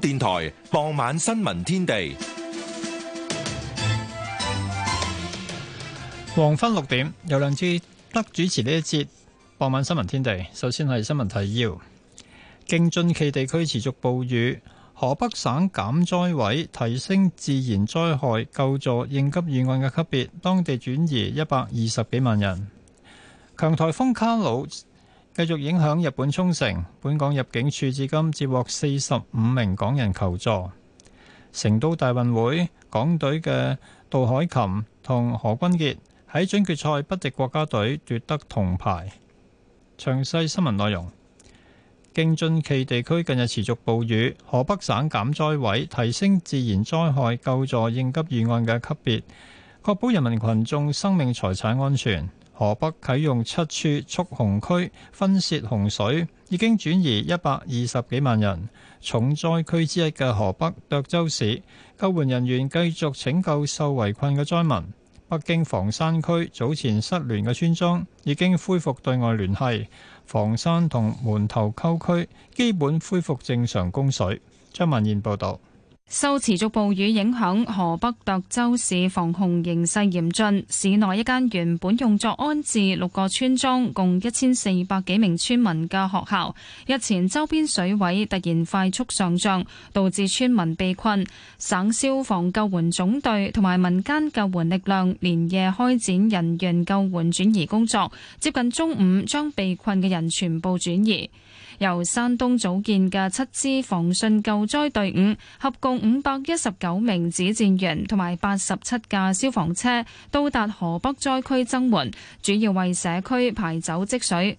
電台傍晚新聞天地，黃昏六點有梁志德主持呢一節傍晚新聞天地。首先係新聞提要：京津冀地區持續暴雨，河北省減災委提升自然災害救助應急預案嘅級別，當地轉移一百二十幾萬人。強颱風卡努。繼續影響日本沖繩，本港入境處至今接獲四十五名港人求助。成都大運會，港隊嘅杜海琴同何君傑喺準決賽不敵國家隊，奪得銅牌。詳細新聞內容。京津冀地區近日持續暴雨，河北省減災委提升自然災害救助應急預案嘅級別，確保人民群眾生命財產安全。河北啟用七處蓄洪區分泄洪水，已經轉移一百二十幾萬人。重災區之一嘅河北涿州市，救援人員繼續拯救受圍困嘅災民。北京房山區早前失聯嘅村莊已經恢復對外聯繫，房山同門頭溝區基本恢復正常供水。張文燕報導。受持續暴雨影響，河北涿州市防洪形勢嚴峻。市內一間原本用作安置六個村莊共一千四百幾名村民嘅學校，日前周邊水位突然快速上漲，導致村民被困。省消防救援總隊同埋民間救援力量連夜開展人員救援轉移工作，接近中午將被困嘅人全部轉移。由山東組建嘅七支防汛救災隊伍，合共五百一十九名指戰員同埋八十七架消防車，到達河北災區增援，主要為社區排走積水。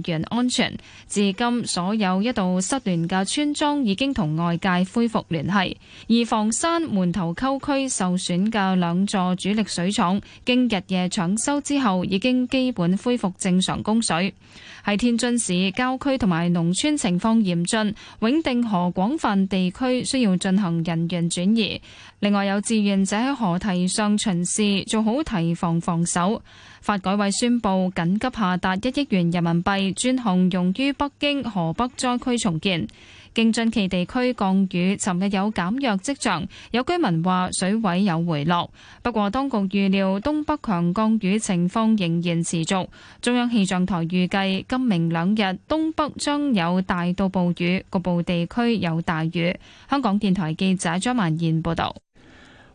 員安全，至今所有一度失聯嘅村莊已經同外界恢復聯繫，而房山門頭溝區受損嘅兩座主力水廠，經日夜搶修之後，已經基本恢復正常供水。喺天津市郊區同埋農村情況嚴峻，永定河廣泛地區需要進行人員轉移，另外有志願者喺河堤上巡視，做好提防防守。發改委宣布緊急下達一億元人民幣專項，用於北京河北災區重建。京津冀地區降雨尋日有減弱跡象，有居民話水位有回落。不過，當局預料東北強降雨情況仍然持續。中央氣象台預計今明兩日東北將有大到暴雨，局部地區有大雨。香港電台記者張曼燕報道。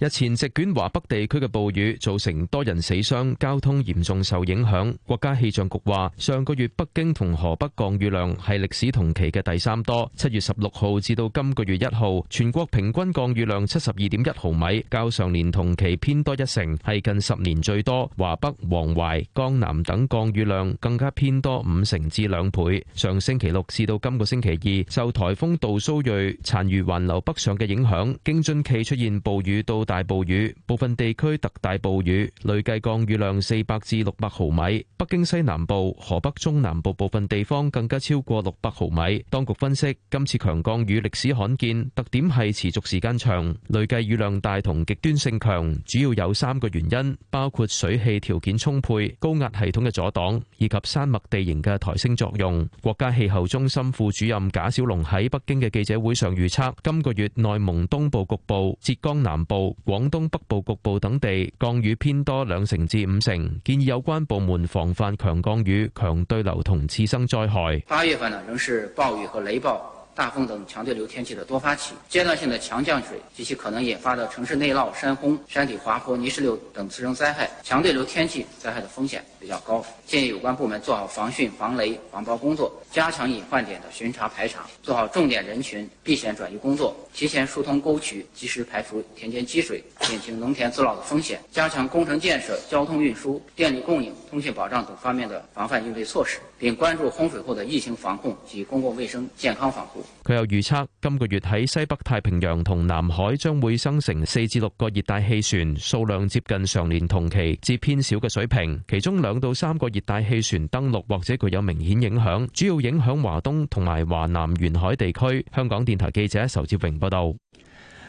日前席捲華北地區嘅暴雨造成多人死傷，交通嚴重受影響。國家氣象局話，上個月北京同河北降雨量係歷史同期嘅第三多。七月十六號至到今個月一號，全國平均降雨量七十二點一毫米，較上年同期偏多一成，係近十年最多。華北、黃淮、江南等降雨量更加偏多五成至兩倍。上星期六至到今個星期二，受台風杜蘇芮殘餘環流北上嘅影響，京津冀出現暴雨到。大暴雨，部分地區特大暴雨，累計降雨量四百至六百毫米。北京西南部、河北中南部部分地方更加超過六百毫米。當局分析，今次強降雨歷史罕見，特點係持續時間長，累計雨量大同極端性強，主要有三個原因，包括水汽條件充沛、高壓系統嘅阻擋以及山脈地形嘅抬升作用。國家氣候中心副主任賈小龍喺北京嘅記者會上預測，今個月內蒙東部局部、浙江南部、廣東北部局部等地降雨偏多兩成至五成，建議有關部門防範強降雨、強對流同次生災害。八月份呢，仍是暴雨和雷暴、大風等強對流天氣的多發期，階段性的強降水及其可能引發的城市內澇、山洪、山體滑坡、泥石流等次生災害，強對流天氣災害的風險比較高，建議有關部門做好防汛、防雷、防雹工作。加強隱患點的巡查排查，做好重點人群避險轉移工作，提前疏通溝渠，及時排除田間積水，減輕農田漬澇的風險。加強工程建設、交通運輸、電力供應、通信保障等方面的防範應對措施，並關注洪水後的疫情防控及公共衛生健康防護。佢又預測，今個月喺西北太平洋同南海將會生成四至六個熱帶氣旋，數量接近上年同期至偏少嘅水平，其中兩到三個熱帶氣旋登陸或者具有明顯影響，主要。影響華東同埋華南沿海地區。香港電台記者仇志榮報道，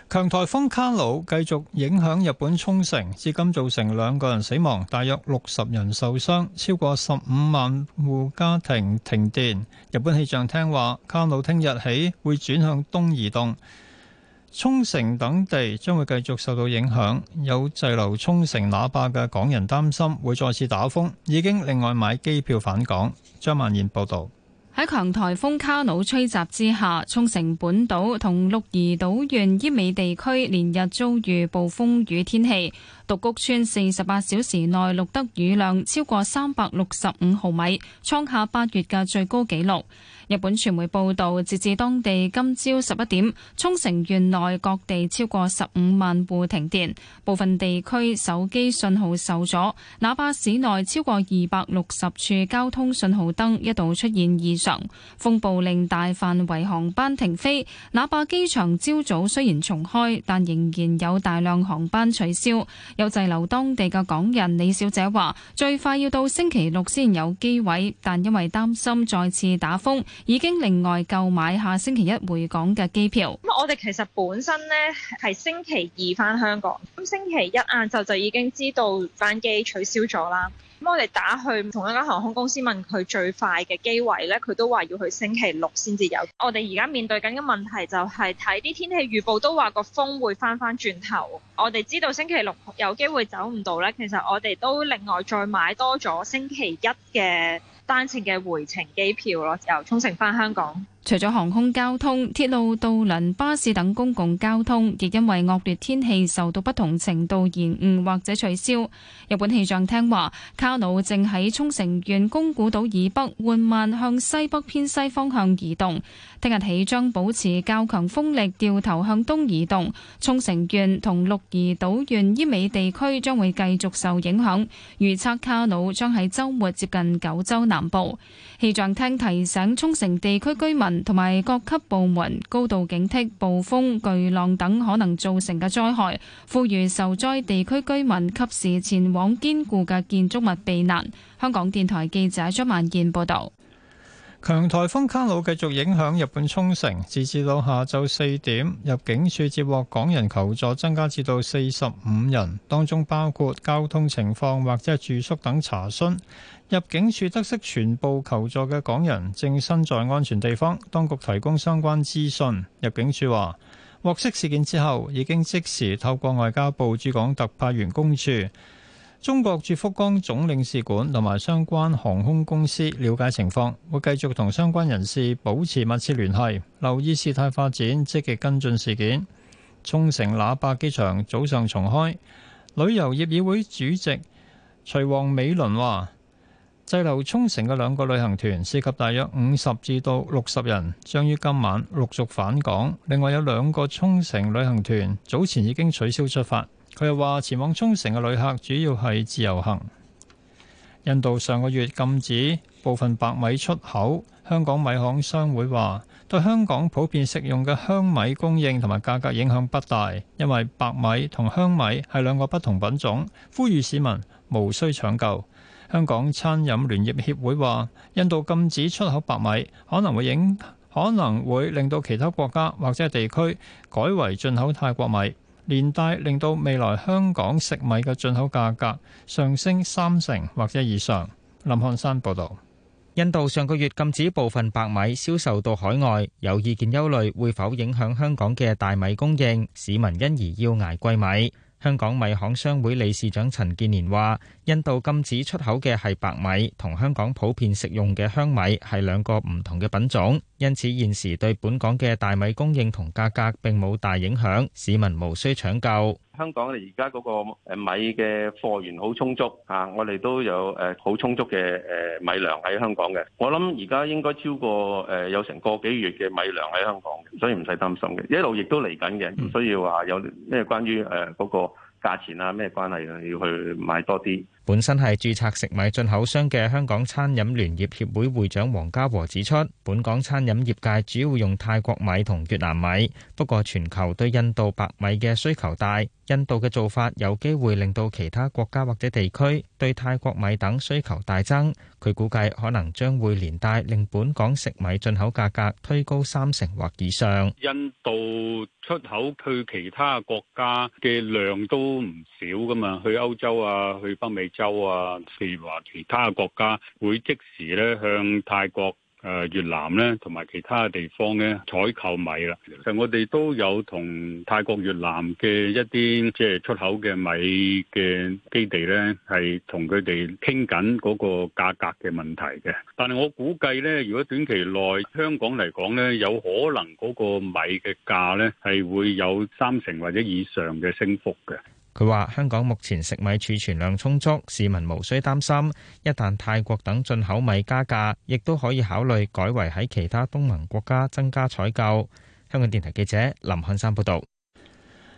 強台風卡努繼續影響日本沖繩，至今造成兩個人死亡，大約六十人受傷，超過十五萬戶家庭停電。日本氣象廳話，卡努聽日起會轉向東移動，沖繩等地將會繼續受到影響。有滯留沖繩那霸嘅港人擔心會再次打風，已經另外買機票返港。張曼燕報道。喺強颱風卡努吹襲之下，沖繩本島同鹿兒島縣奄美地區連日遭遇暴風雨天氣。獨谷村四十八小時內錄得雨量超過三百六十五毫米，創下八月嘅最高紀錄。日本傳媒報道，截至當地今朝十一點，沖繩縣內各地超過十五萬戶停電，部分地區手機信號受阻。那霸市內超過二百六十處交通信號燈一度出現異常，風暴令大範圍航班停飛。那霸機場朝早雖然重開，但仍然有大量航班取消。有滯留當地嘅港人李小姐話：最快要到星期六先有機位，但因為擔心再次打風，已經另外購買下星期一回港嘅機票。咁我哋其實本身呢係星期二返香港，咁星期一晏晝就，就已經知道班機取消咗啦。咁、嗯、我哋打去同一間航空公司問佢最快嘅機位呢，佢都話要去星期六先至有。我哋而家面對緊嘅問題就係睇啲天氣預報都話個風會翻翻轉頭。我哋知道星期六有機會走唔到呢，其實我哋都另外再買多咗星期一嘅單程嘅回程機票咯，由沖繩翻香港。除咗航空交通、鐵路、渡輪、巴士等公共交通，亦因為惡劣天氣受到不同程度延誤或者取消。日本氣象廳話，卡努正喺沖繩縣宮古島以北緩慢向西北偏西方向移動。聽日起將保持較強風力，掉頭向東移動。沖繩縣同鹿兒島縣奄美地區將會繼續受影響。預測卡努將喺周末接近九州南部。氣象廳提醒沖繩地區居民同埋各級部門高度警惕暴風、巨浪等可能造成嘅災害，呼籲受災地區居民及時前往堅固嘅建築物避難。香港電台記者張萬健報道。強颱風卡努繼續影響日本沖繩，截至到下晝四點，入境處接獲港人求助，增加至到四十五人，當中包括交通情況或者住宿等查詢。入境處得悉全部求助嘅港人正身在安全地方，當局提供相關資訊。入境處話，獲悉事件之後，已經即時透過外交部駐港特派員公署。中國駐福岡總領事館同埋相關航空公司，了解情況，會繼續同相關人士保持密切聯繫，留意事態發展，積極跟進事件。沖繩那霸機場早上重開，旅遊業議會主席徐王美倫話：滯留沖繩嘅兩個旅行團涉及大約五十至到六十人，將於今晚陸續返港。另外有兩個沖繩旅行團早前已經取消出發。佢又話前往沖繩嘅旅客主要係自由行。印度上個月禁止部分白米出口。香港米行商會話對香港普遍食用嘅香米供應同埋價格影響不大，因為白米同香米係兩個不同品種，呼籲市民無需搶救。香港餐飲聯業協會話印度禁止出口白米，可能會影可能會令到其他國家或者地區改為進口泰國米，連帶令到未來香港食米嘅進口價格上升三成或者以上。林漢山報導。印度上個月禁止部分白米銷售到海外，有意見憂慮會否影響香港嘅大米供應，市民因而要捱貴米。香港米行商會理事長陳建年話，印度禁止出口嘅係白米，同香港普遍食用嘅香米係兩個唔同嘅品種，因此現時對本港嘅大米供應同價格並冇大影響，市民無需搶購。香港而家嗰個米嘅貨源好充足嚇，啊，我哋都有誒好、呃、充足嘅誒、呃、米糧喺香港嘅。我諗而家應該超過誒、呃、有成個幾月嘅米糧喺香港，所以唔使擔心嘅。一路亦都嚟緊嘅，唔需要話有咩關於誒嗰，呃嗰個價錢啊咩關係啊，要去買多啲。本身係註冊食米進口商嘅香港餐飲聯業協會會長黃家和指出，本港餐飲業界主要用泰國米同越南米，不過全球對印度白米嘅需求大，印度嘅做法有機會令到其他國家或者地區對泰國米等需求大增。佢估計可能將會連帶令本港食米進口價格推高三成或以上。印度出口去其他國家嘅量都唔少噶嘛，去歐洲啊，去北美。州啊，譬如話其他嘅國家會即時咧向泰國，誒、呃、越南咧同埋其他嘅地方咧採購米啦。其實我哋都有同泰國、越南嘅一啲即係出口嘅米嘅基地咧，係同佢哋傾緊嗰個價格嘅問題嘅。但係我估計咧，如果短期內香港嚟講咧，有可能嗰個米嘅價咧係會有三成或者以上嘅升幅嘅。佢話：香港目前食米儲存量充足，市民無需擔心。一旦泰國等進口米加價，亦都可以考慮改為喺其他東盟國家增加採購。香港電台記者林漢山報導。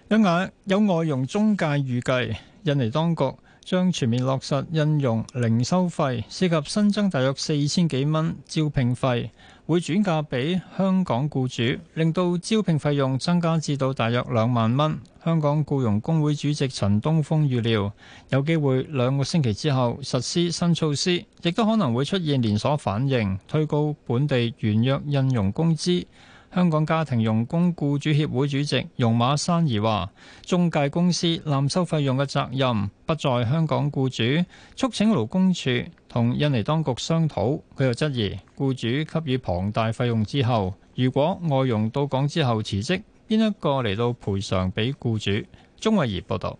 另外，有外傭中介預計印尼當局將全面落實印傭零收費，涉及新增大約四千幾蚊招聘費。會轉嫁俾香港雇主，令到招聘費用增加至到大約兩萬蚊。香港僱傭工會主席陳東峰預料，有機會兩個星期之後實施新措施，亦都可能會出現連鎖反應，推高本地原約印傭工資。香港家庭傭工僱主協會主席容馬珊儀話：中介公司濫收費用嘅責任不在香港雇主，促請勞工處，同印尼當局商討，佢又質疑僱主給予龐大費用之後，如果外傭到港之後辭職，邊一個嚟到賠償俾僱主？鍾慧儀報道，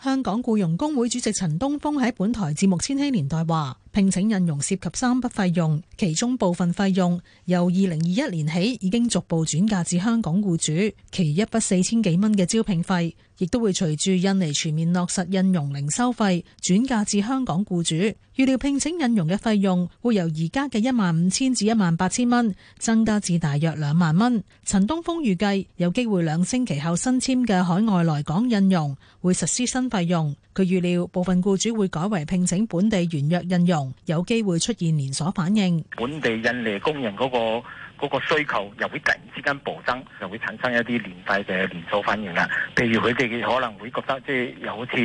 香港僱傭工會主席陳東峰喺本台節目《千禧年代》話，聘請印傭涉及三筆費用，其中部分費用由二零二一年起已經逐步轉嫁至香港僱主，其一筆四千幾蚊嘅招聘費。亦都會隨住印尼全面落實印傭零收費，轉嫁至香港僱主。預料聘請印傭嘅費用會由而家嘅一萬五千至一萬八千蚊，增加至大約兩萬蚊。陳東峰預計有機會兩星期後新簽嘅海外來港印傭會實施新費用。佢預料部分僱主會改為聘請本地原約印傭，有機會出現連鎖反應。本地印尼工人嗰、那個。嗰個需求又會突然之間暴增，就會產生一啲連帶嘅連鎖反應啦。譬如佢哋可能會覺得，即係又好似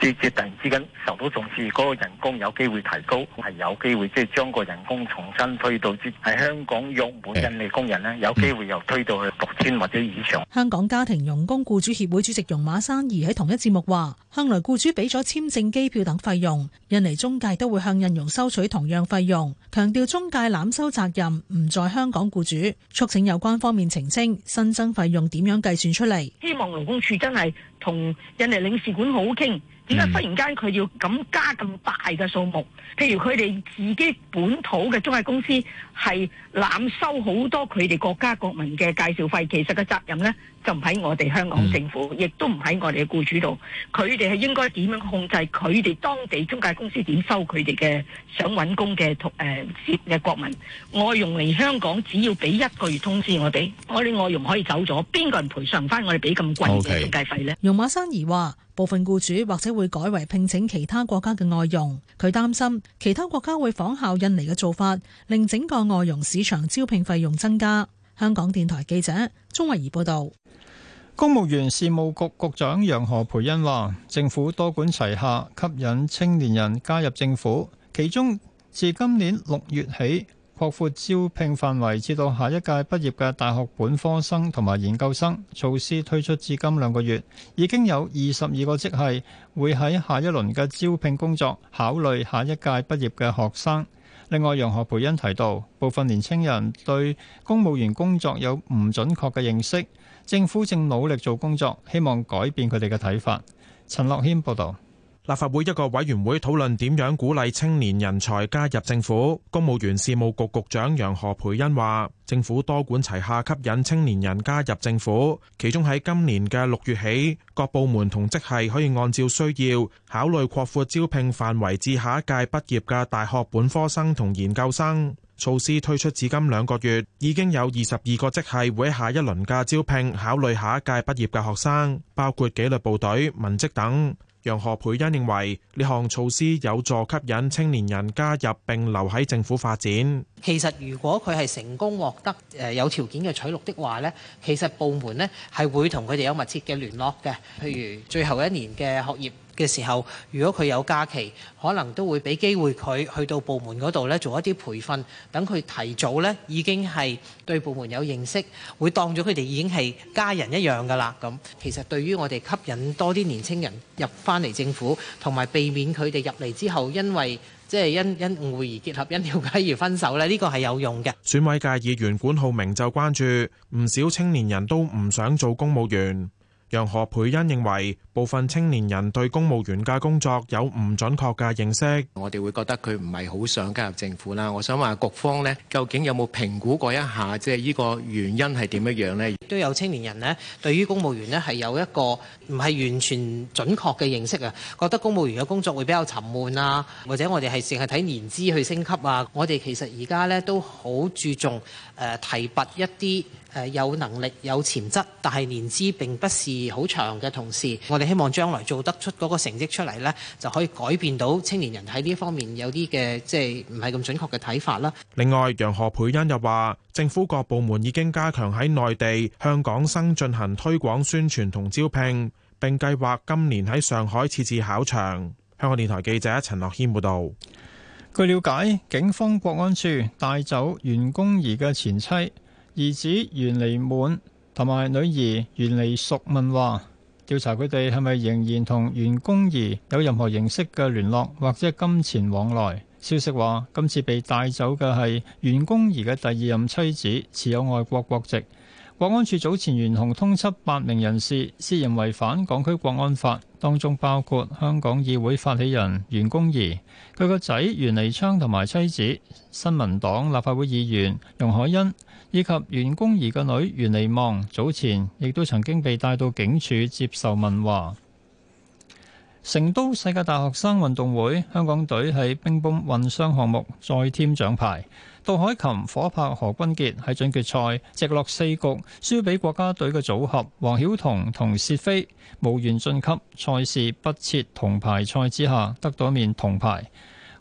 即即突然之間受到重視，嗰個人工有機會提高，係有機會即係將個人工重新推到至喺香港用滿印尼工人呢，有機會又推到去六千或者以上。香港家庭傭工僱主協會主席容馬珊兒喺同一節目話。向來僱主俾咗簽證、機票等費用，印尼中介都會向印佣收取同樣費用。強調中介濫收責任，唔在香港僱主。促請有關方面澄清新增費用點樣計算出嚟。希望勞工處真係同印尼領事館好傾，點解忽然間佢要咁加咁大嘅數目？譬如佢哋自己本土嘅中介公司係濫收好多佢哋國家國民嘅介紹費，其實嘅責任呢？就唔喺我哋香港政府，亦都唔喺我哋嘅僱主度，佢哋係應該點樣控制佢哋當地中介公司點收佢哋嘅想揾工嘅同誒接嘅國民。外傭嚟香港只要俾一個月通知我哋，我哋外傭可以走咗，邊個人賠償翻我哋俾咁貴嘅中介費咧？Okay. 容馬生兒話，部分僱主或者會改為聘請其他國家嘅外傭，佢擔心其他國家會仿效印尼嘅做法，令整個外傭市場招聘費用增加。香港電台記者鍾慧怡報道，公務員事務局局，局長楊何蓓茵話：政府多管齊下，吸引青年人加入政府。其中，自今年六月起，擴闊招聘範圍至到下一屆畢業嘅大學本科生同埋研究生。措施推出至今兩個月，已經有二十二個職系會喺下一輪嘅招聘工作考慮下一屆畢業嘅學生。另外，楊何蓓茵提到，部分年青人對公務員工作有唔準確嘅認識，政府正努力做工作，希望改變佢哋嘅睇法。陳樂軒報導。立法會一個委員會討論點樣鼓勵青年人才加入政府。公務員事務局局長楊何培恩話，政府多管齊下，吸引青年人加入政府。其中喺今年嘅六月起，各部門同職系可以按照需要考慮擴闊招聘範圍至下一屆畢業嘅大學本科生同研究生。措施推出至今兩個月，已經有二十二個職系會喺下一輪嘅招聘考慮下一屆畢業嘅學生，包括紀律部隊、文職等。楊何培恩認為呢項措施有助吸引青年人加入並留喺政府發展。其實如果佢係成功獲得誒有條件嘅取錄的話咧，其實部門咧係會同佢哋有密切嘅聯絡嘅，譬如最後一年嘅學業。嘅時候，如果佢有假期，可能都會俾機會佢去到部門嗰度咧，做一啲培訓，等佢提早咧已經係對部門有認識，會當咗佢哋已經係家人一樣噶啦。咁其實對於我哋吸引多啲年青人入翻嚟政府，同埋避免佢哋入嚟之後，因為即係、就是、因因誤會而結合、因了解而分手咧，呢、呢個係有用嘅。選委界議員管浩明就關注，唔少青年人都唔想做公務員。楊何培恩認為。部分青年人對公務員嘅工作有唔準確嘅認識，我哋會覺得佢唔係好想加入政府啦。我想問局方呢，究竟有冇評估過一下，即係呢個原因係點樣樣呢？都有青年人呢，對於公務員呢係有一個唔係完全準確嘅認識啊，覺得公務員嘅工作會比較沉悶啊，或者我哋係淨係睇年資去升級啊。我哋其實而家呢都好注重提拔一啲誒有能力有潛質，但係年資並不是好長嘅同事，我哋。希望將來做得出嗰個成績出嚟呢，就可以改變到青年人喺呢方面有啲嘅即係唔係咁準確嘅睇法啦。另外，楊何蓓茵又話：政府各部門已經加強喺內地向港生進行推廣宣傳同招聘，並計劃今年喺上海設置考場。香港電台記者陳樂軒報道。據了解，警方國安處帶走袁弓夷嘅前妻、兒子袁彌滿同埋女兒袁彌淑問話。調查佢哋係咪仍然同袁弓夷有任何形式嘅聯絡或者金錢往來。消息話，今次被帶走嘅係袁弓夷嘅第二任妻子，持有外國國籍。國安處早前懸紅通緝八名人士，涉嫌違反港區國安法，當中包括香港議會發起人袁弓夷，佢個仔袁彌昌同埋妻子，新民黨立法會議員容海恩，以及袁弓夷個女袁彌望，早前亦都曾經被帶到警署接受問話。成都世界大學生運動會，香港隊喺乒乓混雙項目再添獎牌。杜海琴、火拍何君傑喺準決賽直落四局輸俾國家隊嘅組合黃曉彤同薛飛無緣晉級，賽事不設銅牌賽之下得到一面銅牌。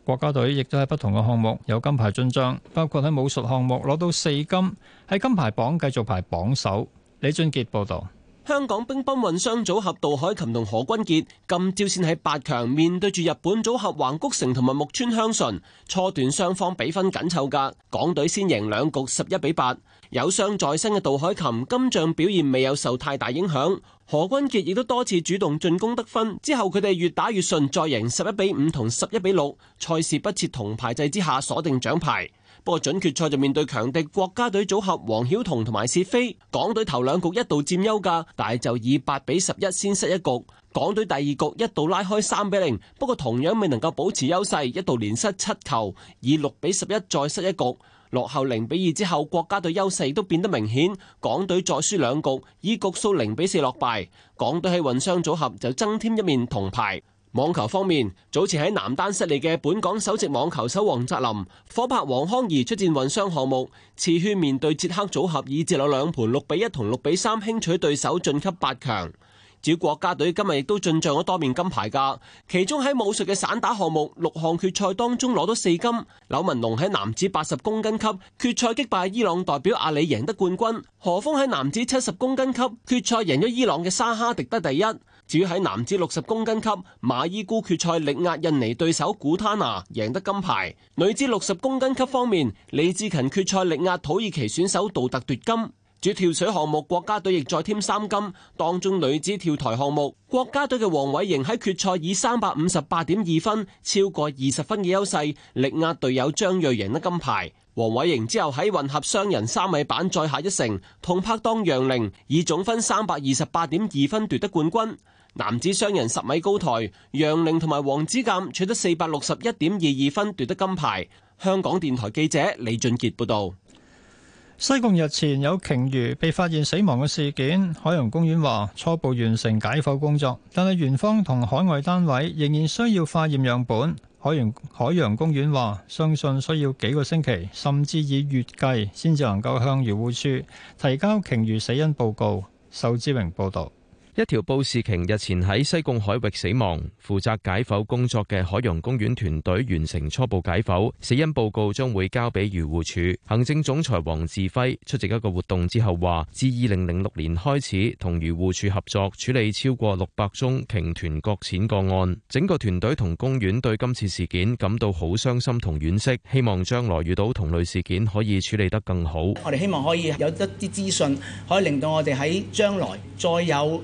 國家隊亦都喺不同嘅項目有金牌進賬，包括喺武術項目攞到四金，喺金牌榜繼續排榜首。李俊杰報道。香港乒乓混雙組合杜凱琹同何君傑今朝先喺八強，面對住日本組合橫谷城同埋木村香純，初段雙方比分緊湊噶，港隊先贏兩局十一比八。有傷在身嘅杜凱琹今仗表現未有受太大影響，何君傑亦都多次主動進攻得分，之後佢哋越打越順，再贏十一比五同十一比六。賽事不設銅牌制之下，鎖定獎牌。不過準決賽就面對強敵國家隊組合黃曉彤同埋薛飛，港隊頭兩局一度佔優噶，但係就以八比十一先失一局。港隊第二局一度拉開三比零，不過同樣未能夠保持優勢，一度連失七球，以六比十一再失一局，落後零比二之後，國家隊優勢都變得明顯。港隊再輸兩局，以局數零比四落敗。港隊喺混雙組合就增添一面銅牌。網球方面，早前喺男單失利嘅本港首席網球手王澤林，火拍王康怡，出戰混雙項目，次圈面對捷克組合，以直落兩盤六比一同六比三輕取對手晉級八強。至於國家隊今日亦都進賬咗多面金牌噶，其中喺武術嘅散打項目六項決賽當中攞到四金。柳文龍喺男子八十公斤級決賽擊敗伊朗代表阿里贏得冠軍，何峰，喺男子七十公斤級決賽贏咗伊朗嘅沙哈迪得第一。至於喺男子六十公斤級馬伊姑決賽力壓印尼對手古塔納贏得金牌，女子六十公斤級方面李志勤決賽力壓土耳其選手杜特奪金。主跳水項目國家隊亦再添三金，當中女子跳台項目國家隊嘅王偉瑩喺決賽以三百五十八點二分超過二十分嘅優勢力壓隊友張瑞贏得金牌。王偉瑩之後喺混合雙人三米板再下一城，同拍檔楊玲以總分三百二十八點二分奪得冠軍。男子雙人十米高台，楊玲同埋黃子鑒取得四百六十一點二二分，奪得金牌。香港電台記者李俊傑報道。西貢日前有鯨魚被發現死亡嘅事件，海洋公園話初步完成解剖工作，但係園方同海外單位仍然需要化驗樣本。海洋海洋公園話相信需要幾個星期，甚至以月計，先至能夠向漁護署提交鯨魚死因報告。壽志榮報道。一條布氏鯨日前喺西貢海域死亡，負責解剖工作嘅海洋公園團隊完成初步解剖，死因報告將會交俾漁護署。行政總裁黃志輝出席一個活動之後話，自二零零六年開始同漁護署合作處理超過六百宗鯨豚擱淺個案，整個團隊同公園對今次事件感到好傷心同惋惜，希望將來遇到同類事件可以處理得更好。我哋希望可以有一啲資訊，可以令到我哋喺將來再有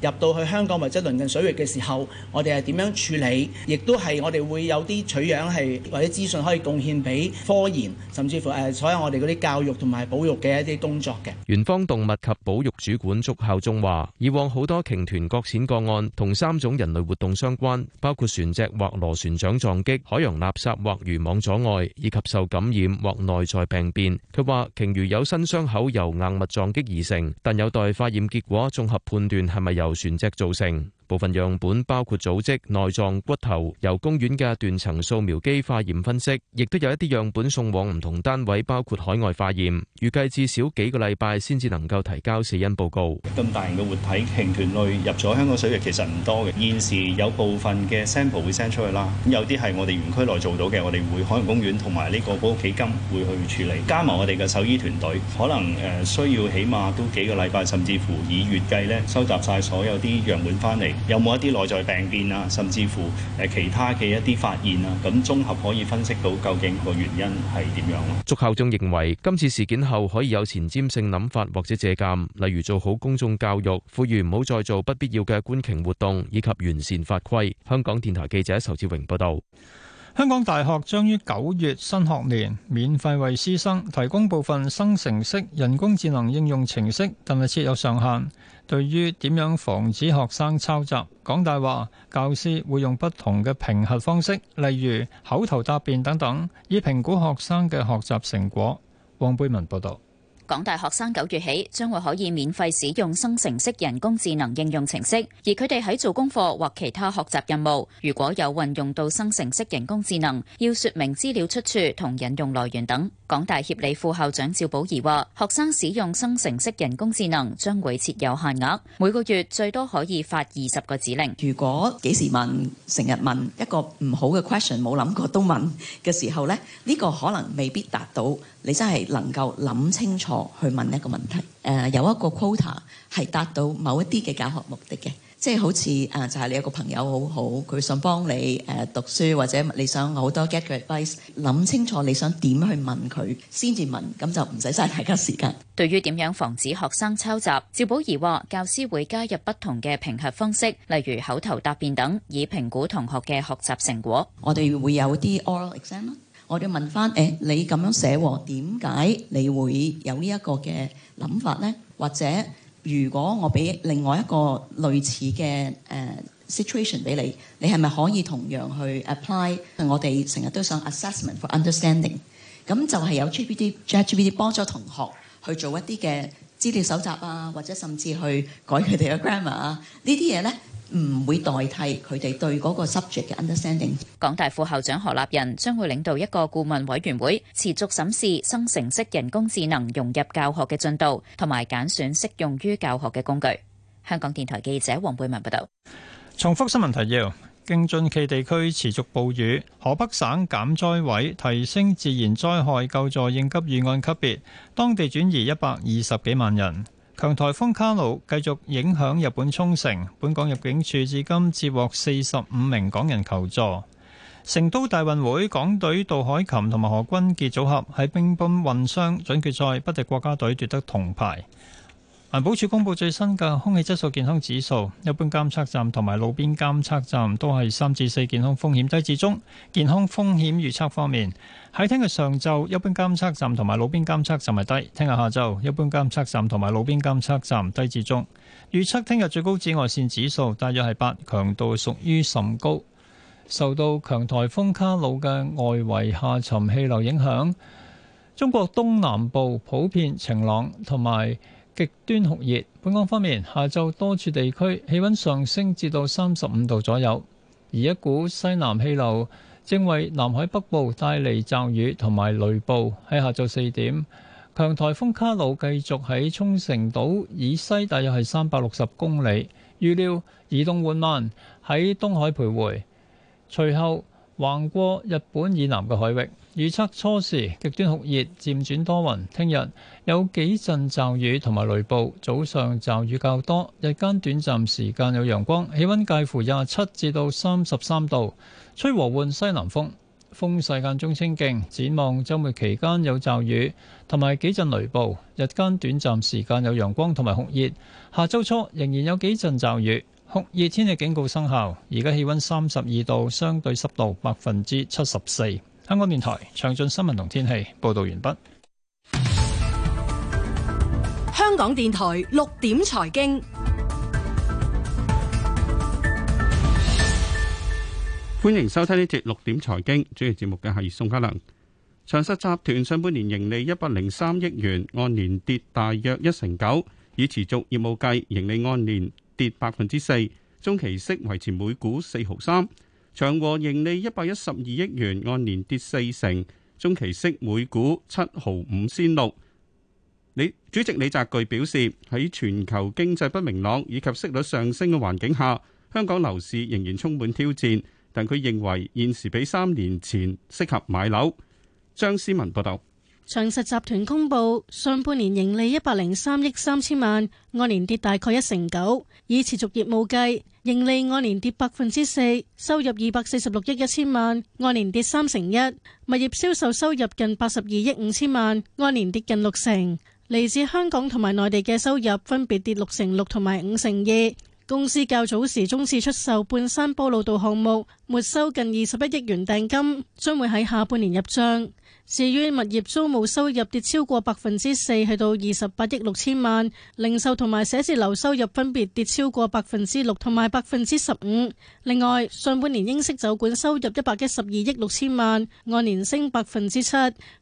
入到去香港或者鄰近水域嘅時候，我哋係點樣處理？亦都係我哋會有啲取樣係或者資訊可以貢獻俾科研，甚至乎誒所有我哋嗰啲教育同埋保育嘅一啲工作嘅。園方動物及保育主管祝孝忠話：以往好多鯨豚擱淺個案同三種人類活動相關，包括船隻或螺旋槳撞擊、海洋垃圾或漁網阻礙，以及受感染或內在病變。佢話鯨魚有新傷口由硬物撞擊而成，但有待化驗結果綜合判斷係咪有。由船隻造成。部分樣本包括組織、內臟、骨頭，由公園嘅斷層掃描機化驗分析，亦都有一啲樣本送往唔同單位，包括海外化驗。預計至少幾個禮拜先至能夠提交死因報告。咁大型嘅活體鯨豚類入咗香港水域，其實唔多嘅。現時有部分嘅 sample 會 send 出去啦，咁有啲係我哋園區內做到嘅，我哋會海洋公園同埋呢個保育基金會去處理，加埋我哋嘅獸醫團隊，可能誒需要起碼都幾個禮拜，甚至乎以月計呢，收集晒所有啲樣本翻嚟。有冇一啲內在病變啊，甚至乎誒其他嘅一啲發現啊，咁綜合可以分析到究竟個原因係點樣咯？祝校長認為今次事件後可以有前瞻性諗法或者借鑑，例如做好公眾教育，呼籲唔好再做不必要嘅觀鯨活動，以及完善法規。香港電台記者仇志榮報道：「香港大學將於九月新學年免費為師生提供部分生成式人工智能應用程式，但係設有上限。對於點樣防止學生抄襲，港大話，教師會用不同嘅評核方式，例如口頭答辯等等，以評估學生嘅學習成果。黃貝文報道。港大學生九月起將會可以免費使用生成式人工智能應用程式，而佢哋喺做功課或其他學習任務，如果有運用到生成式人工智能，要說明資料出處同引用來源等。港大協理副校長趙寶儀話：學生使用生成式人工智能將會設有限額，每個月最多可以發二十個指令。如果幾時問，成日問一個唔好嘅 question，冇諗過都問嘅時候呢，呢個可能未必達到。你真係能夠諗清楚去問一個問題，誒、呃、有一個 quota 係達到某一啲嘅教學目的嘅，即係好似誒、呃、就係、是、你一個朋友好好，佢想幫你誒、呃、讀書或者你想好多 get advice，諗清楚你想點去問佢先至問，咁就唔使嘥大家時間。對於點樣防止學生抄襲，趙寶儀話教師會加入不同嘅評核方式，例如口頭答辯等，以評估同學嘅學習成果。我哋會有啲 oral exam。我哋問翻，誒、哎、你咁樣寫喎、哦，點解你會有呢一個嘅諗法咧？或者，如果我俾另外一個類似嘅誒、uh, situation 俾你，你係咪可以同樣去 apply 我哋成日都想 assessment for understanding？咁就係有 GPT、ChatGPT 幫咗同學去做一啲嘅資料搜集啊，或者甚至去改佢哋嘅 grammar 啊，呢啲嘢咧。唔會代替佢哋對嗰個 subject 嘅 understanding。港大副校長何立仁將會領導一個顧問委員會持續審視生成式人工智能融入教學嘅進度，同埋揀選適用於教學嘅工具。香港電台記者黃貝文報道。重複新聞提要：京津冀地區持續暴雨，河北省減災委提升自然災害救助應急預案級別，當地轉移一百二十幾萬人。強台風卡努繼續影響日本沖繩，本港入境處至今接獲四十五名港人求助。成都大運會港隊杜海琴同埋何君傑組合喺乒乓混雙準決賽,準決賽不敵國家隊奪得銅牌。環保署公布最新嘅空氣質素健康指數，一般監測站同埋路邊監測站都係三至四健康風險低至中，健康風險預測方面。喺聽日上晝，一般監測站同埋路邊監測站係低；聽日下晝，一般監測站同埋路邊監測站低至中。預測聽日最高紫外線指數大約係八，強度屬於甚高。受到強颱風卡努嘅外圍下沉氣流影響，中國東南部普遍晴朗同埋極端酷熱。本港方面，下晝多處地區氣温上升至到三十五度左右，而一股西南氣流，正為南海北部帶嚟驟雨同埋雷暴。喺下晝四點，強颱風卡努繼續喺沖繩島以西，大約係三百六十公里。預料移動緩慢，喺東海徘徊，隨後橫過日本以南嘅海域。預測初時極端酷熱，漸轉多雲。聽日有幾陣驟雨同埋雷暴，早上驟雨較多，日間短暫時間有陽光，氣温介乎廿七至到三十三度。吹和緩西南風，風勢間中清勁。展望周末期間有驟雨同埋幾陣雷暴，日間短暫時間有陽光同埋酷熱。下周初仍然有幾陣驟雨，酷熱天氣警告生效。而家氣温三十二度，相對濕度百分之七十四。香港電台詳盡新聞同天氣報道完畢。香港電台六點財經。歡迎收聽呢節六點財經。主持節目嘅係宋家良。長實集團上半年盈利一百零三億元，按年跌大約一成九。以持續業務計，盈利按年跌百分之四。中期息維持每股四毫三。長和盈利一百一十二億元，按年跌四成。中期息每股七毫五仙六。李主席李澤钜表示，喺全球經濟不明朗以及息率上升嘅環境下，香港樓市仍然充滿挑戰。但佢認為現時比三年前適合買樓。張思文報導，長實集團公布上半年盈利一百零三億三千萬，按年跌大概一成九。以持續業務計，盈利按年跌百分之四，收入二百四十六億一千萬，按年跌三成一。物業銷售收入近八十二億五千萬，按年跌近六成。嚟自香港同埋內地嘅收入分別跌六成六同埋五成二。公司較早時終止出售半山波路道項目，沒收近二十一億元定金，將會喺下半年入賬。至於物業租務收入跌超過百分之四，去到二十八億六千萬，零售同埋寫字樓收入分別跌超過百分之六同埋百分之十五。另外，上半年英式酒館收入一百一十二億六千萬，按年升百分之七。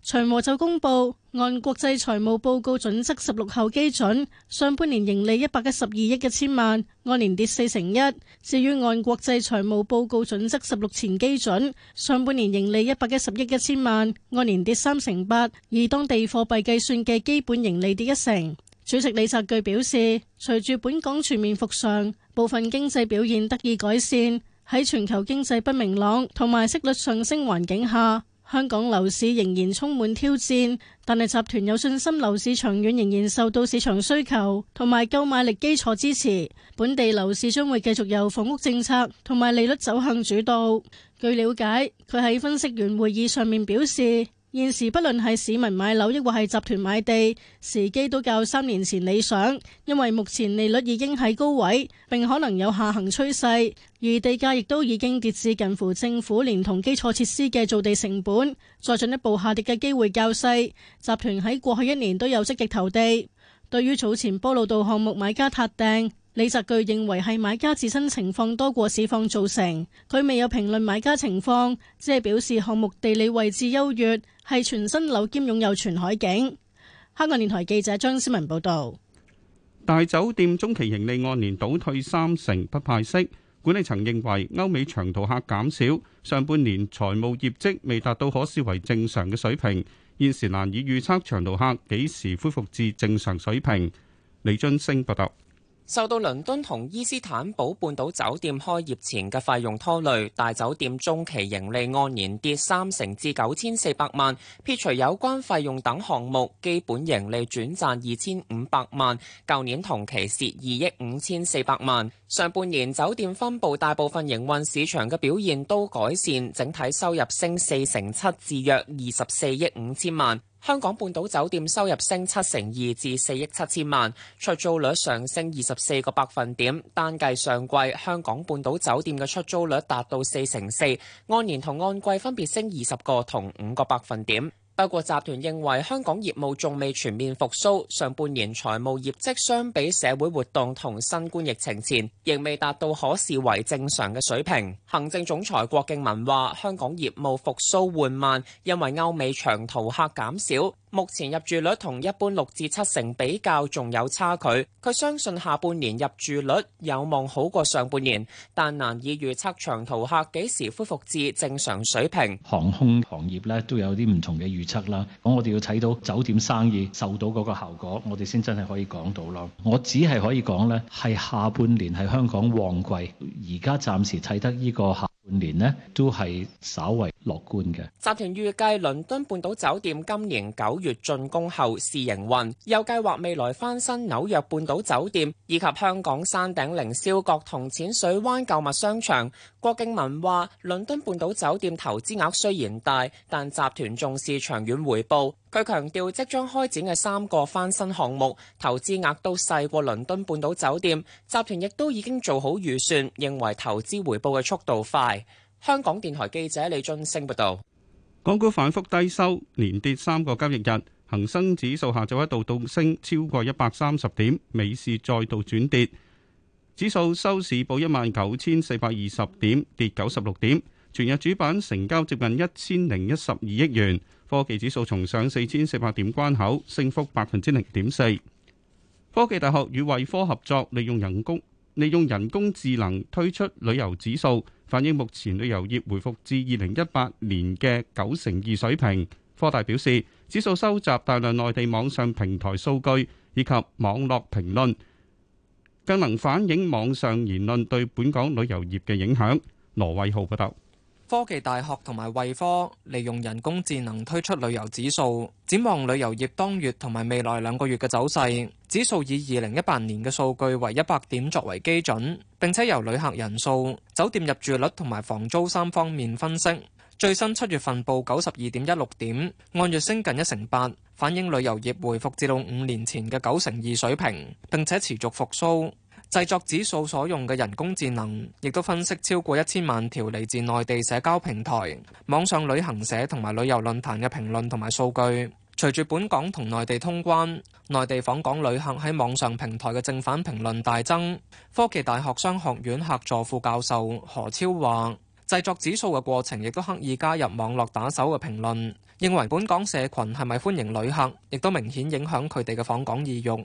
長和就公布。按國際財務報告準則十六後基準，上半年盈利一百一十二億一千萬，按年跌四成一；至於按國際財務報告準則十六前基準，上半年盈利一百一十億一千萬，按年跌三成八，以當地貨幣計算嘅基本盈利跌一成。主席李澤钜表示，隨住本港全面復常，部分經濟表現得以改善，喺全球經濟不明朗同埋息率上升環境下。香港樓市仍然充滿挑戰，但係集團有信心樓市長遠仍然受到市場需求同埋購買力基礎支持。本地樓市將會繼續由房屋政策同埋利率走向主導。據了解，佢喺分析員會議上面表示，現時不論係市民買樓，抑或係集團買地，時機都較三年前理想，因為目前利率已經喺高位，並可能有下行趨勢，而地價亦都已經跌至近乎政府連同基礎設施嘅造地成本，再進一步下跌嘅機會較細。集團喺過去一年都有積極投地，對於早前波老道項目買家撻訂。李澤钜認為係買家自身情況多過市況造成，佢未有評論買家情況，只係表示項目地理位置優越，係全新樓兼擁有全海景。香港電台記者張思文報道。大酒店中期盈利按年倒退三成，不派息。管理層認為歐美長途客減少，上半年財務業績未達到可視為正常嘅水平，現時難以預測長途客幾時恢復至正常水平。李津升報道。受到倫敦同伊斯坦堡半島酒店開業前嘅費用拖累，大酒店中期盈利按年跌三成至九千四百萬，撇除有關費用等項目，基本盈利轉賺二千五百萬，舊年同期蝕二億五千四百萬。上半年酒店分部大部分營運市場嘅表現都改善，整體收入升四成七至約二十四億五千萬。香港半島酒店收入升七成二至四億七千萬，出租率上升二十四個百分點。單計上季，香港半島酒店嘅出租率達到四成四，按年同按季分別升二十個同五個百分點。不過，集團認為香港業務仲未全面復甦，上半年財務業績相比社會活動同新冠疫情前，仍未達到可視為正常嘅水平。行政總裁郭敬文話：香港業務復甦緩慢，因為歐美長途客減少。目前入住率同一般六至七成比較仲有差距。佢相信下半年入住率有望好過上半年，但難以預測長途客幾時恢復至正常水平。航空行業咧，都有啲唔同嘅預測啦。咁我哋要睇到酒店生意受到嗰個效果，我哋先真係可以講到咯。我只係可以講咧，係下半年係香港旺季，而家暫時睇得呢、這個。半年呢都係稍為樂觀嘅。集團預計倫敦半島酒店今年九月竣工後試營運，又計劃未來翻新紐約半島酒店以及香港山頂凌霄閣同淺水灣購物商場，郭敬文話，倫敦半島酒店投資額雖然大，但集團重視長遠回報。佢強調，即將開展嘅三個翻新項目投資額都細過倫敦半島酒店集團，亦都已經做好預算，認為投資回報嘅速度快。香港電台記者李俊升報道，港股反覆低收，連跌三個交易日，恒生指數下晝一度動升超過一百三十點，美市再度轉跌，指數收市報一萬九千四百二十點，跌九十六點。全日主板成交接近一千零一十二億元，科技指數重上四千四百點關口，升幅百分之零點四。科技大學與慧科合作，利用人工利用人工智能推出旅遊指數，反映目前旅遊業回復至二零一八年嘅九成二水平。科大表示，指數收集大量內地網上平台數據以及網絡評論，更能反映網上言論對本港旅遊業嘅影響。羅偉浩報導。科技大學同埋慧科利用人工智能推出旅遊指數，展望旅遊業當月同埋未來兩個月嘅走勢。指數以二零一八年嘅數據為一百點作為基準，並且由旅客人數、酒店入住率同埋房租三方面分析。最新七月份報九十二點一六點，按月升近一成八，反映旅遊業回復至到五年前嘅九成二水平，並且持續復甦。製作指數所用嘅人工智能，亦都分析超過一千萬條嚟自內地社交平台、網上旅行社同埋旅遊論壇嘅評論同埋數據。隨住本港同內地通關，內地訪港旅客喺網上平台嘅正反評論大增。科技大學商學院客座副教授何超話：製作指數嘅過程亦都刻意加入網絡打手嘅評論，認為本港社群係咪歡迎旅客，亦都明顯影響佢哋嘅訪港意欲。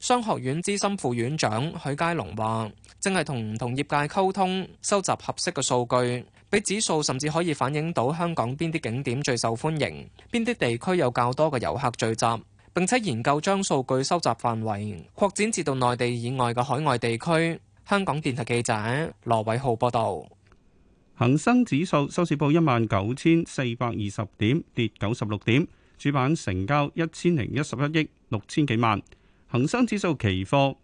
商學院資深副院長許佳龍話，正係同唔同業界溝通，收集合適嘅數據，俾指數甚至可以反映到香港邊啲景點最受歡迎，邊啲地區有較多嘅遊客聚集。並且研究將數據收集範圍擴展至到內地以外嘅海外地區，香港電台記者羅偉浩報道。恒生指數收市報一萬九千四百二十點，跌九十六點，主板成交一千零一十一億六千幾萬。恒生指數期貨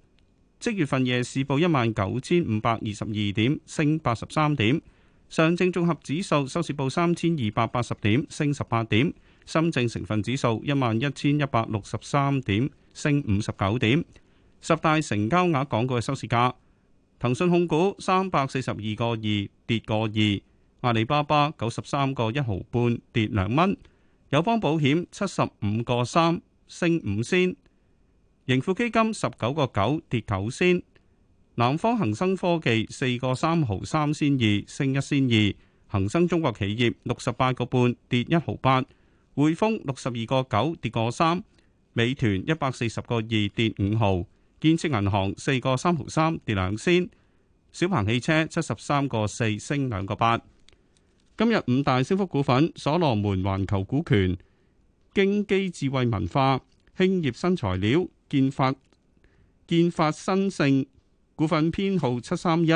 即月份夜市報一萬九千五百二十二點，升八十三點。上證綜合指數收市報三千二百八十點，升十八點。深證成分指數一萬一千一百六十三點，升五十九點。十大成交額港股嘅收市價：騰訊控股三百四十二個二跌個二，阿里巴巴九十三個一毫半跌兩蚊，友邦保險七十五個三升五仙。盈富基金十九個九跌九仙，南方恒生科技四個三毫三仙二升一仙二，恒生中國企業六十八個半跌一毫八，匯豐六十二個九跌個三，美團一百四十個二跌五毫，建設銀行四個三毫三跌兩仙，小鵬汽車七十三個四升兩個八。今日五大升幅股份：所羅門環球股權、京基智慧文化、興業新材料。建發、建發新勝股份編號七三一，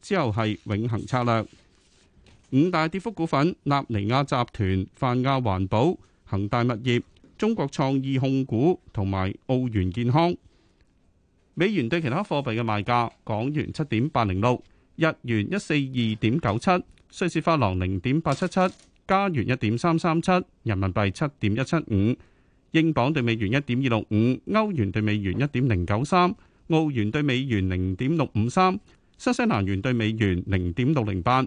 之後係永恒策略。五大跌幅股份：納尼亞集團、泛亞環保、恒大物業、中國創意控股同埋澳元健康。美元對其他貨幣嘅賣價：港元七點八零六，日元一四二點九七，瑞士法郎零點八七七，加元一點三三七，人民幣七點一七五。英鎊兌美元一點二六五，歐元兌美元一點零九三，澳元兌美元零點六五三，新西蘭元兌美元零點六零八。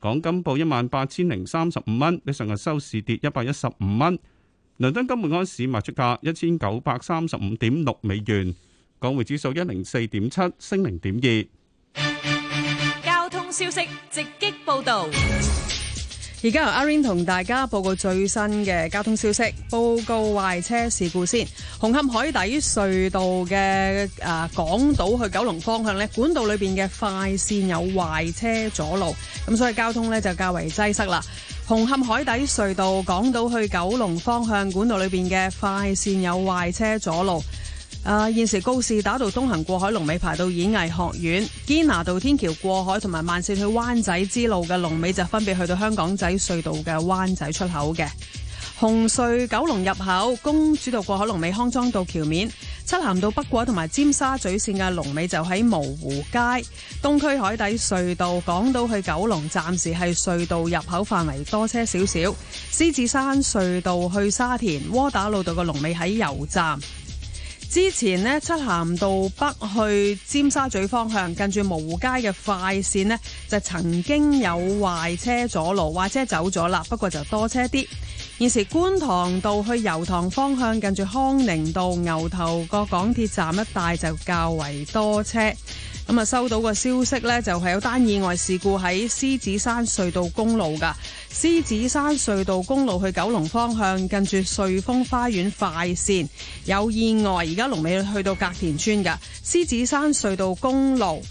港金報一萬八千零三十五蚊，比上日收市跌一百一十五蚊。倫敦金每安士賣出價一千九百三十五點六美元，港匯指數一零四點七升零點二。交通消息，直擊報道。而家由阿 rain 同大家報告最新嘅交通消息，報告壞車事故先。紅磡海底隧道嘅，誒，港島去九龍方向咧，管道裏面嘅快線有壞車阻路，咁所以交通咧就較為擠塞啦。紅磡海底隧道港島去九龍方向管道裏面嘅快線有壞車阻路。誒，uh, 現時告士打道東行過海龍尾排到演藝學院堅拿道天橋過海，同埋慢綫去灣仔之路嘅龍尾就分別去到香港仔隧道嘅灣仔出口嘅紅隧九龍入口公主道過海龍尾康莊道橋面，漆咸道北過同埋尖沙咀綫嘅龍尾就喺蕪湖街東區海底隧道港島去九龍，暫時係隧道入口範圍多車少少。獅子山隧道去沙田窩打路道嘅龍尾喺油站。之前呢，漆咸道北去尖沙咀方向，近住蕪湖街嘅快綫呢，就曾經有壞車阻路，壞車走咗啦。不過就多車啲。現時觀塘道去油塘方向，近住康寧道牛頭角港鐵站一帶就較為多車。咁啊，收到個消息咧，就係、是、有單意外事故喺獅子山隧道公路噶。獅子山隧道公路去九龍方向，近住瑞峰花園快線有意外，而家龍尾去到隔田村噶。獅子山隧道公路。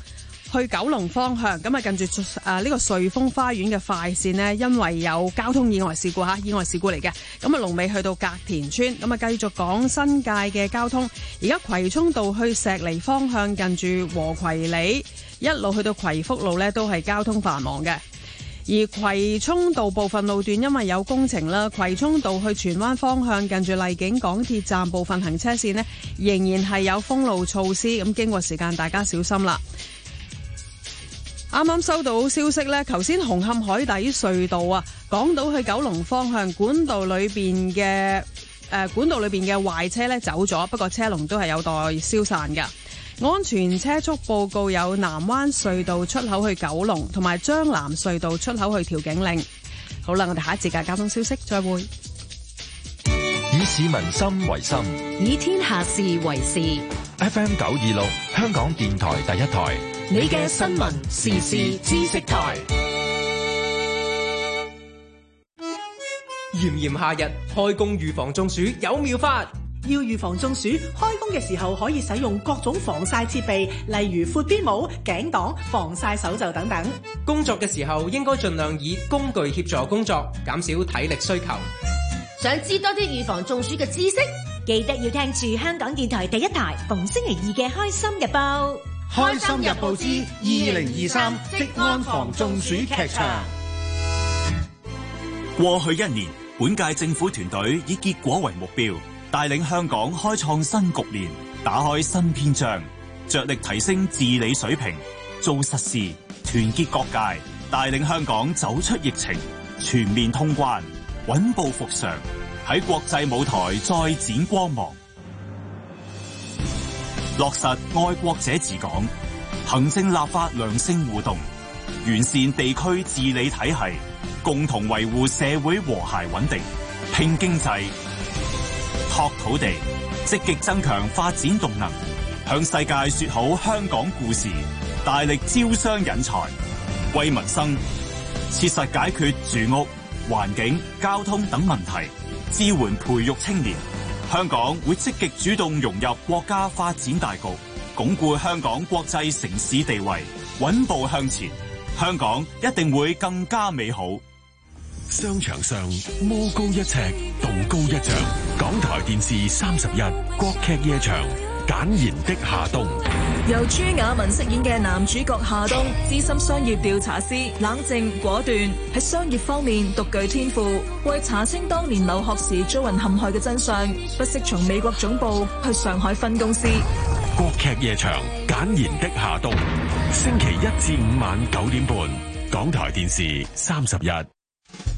去九龍方向咁啊，近住誒呢個瑞豐花園嘅快線咧，因為有交通意外事故吓，意、啊、外事故嚟嘅。咁、嗯、啊，龍尾去到隔田村咁啊，繼、嗯、續講新界嘅交通。而家葵涌道去石梨方向，近住禾葵里一路去到葵福路咧，都係交通繁忙嘅。而葵涌道部分路段因為有工程啦，葵涌道去荃灣方向近住荔景港鐵站部分行車線咧，仍然係有封路措施，咁經過時間大家小心啦。啱啱收到消息呢，頭先紅磡海底隧道啊，港島去九龍方向管道裏邊嘅誒，管道裏邊嘅壞車咧走咗，不過車龍都係有待消散嘅。安全車速報告有南灣隧道出口去九龍，同埋張南隧道出口去調景嶺。好啦，我哋下一節嘅交通消息再會。以市民心為心，以天下事為事。FM 九二六，香港電台第一台。你嘅新聞時事知識台，炎炎夏日開工預防中暑有妙法。要預防中暑，開工嘅時候可以使用各種防曬設備，例如闊邊帽、頸擋、防曬手袖等等。工作嘅時候應該盡量以工具協助工作，減少體力需求。想知多啲預防中暑嘅知識，記得要聽住香港電台第一台逢星期二嘅開心日報。《開心日報》之二零二三即安防中暑劇場。過去一年，本屆政府團隊以結果為目標，帶領香港開創新局面、打開新篇章，着力提升治理水平，做實事，團結各界，帶領香港走出疫情，全面通關，穩步復常，喺國際舞台再展光芒。落實愛國者治港，行政立法良性互動，完善地區治理體系，共同維護社會和諧穩定。拼經濟，拓土地，積極增強發展動能，向世界說好香港故事。大力招商引才，惠民生，切實解決住屋、環境、交通等問題，支援培育青年。香港會積極主動融入國家發展大局，鞏固香港國際城市地位，穩步向前。香港一定會更加美好。商場上，魔高一尺，道高一丈。港台電視三十一，國劇夜場，簡言的夏冬。由朱亞文飾演嘅男主角夏冬，資深商業調查師，冷靜果斷，喺商業方面獨具天賦。為查清當年留學時遭人陷害嘅真相，不惜從美國總部去上海分公司。國劇夜場，簡言的夏冬，星期一至五晚九點半，港台電視三十日。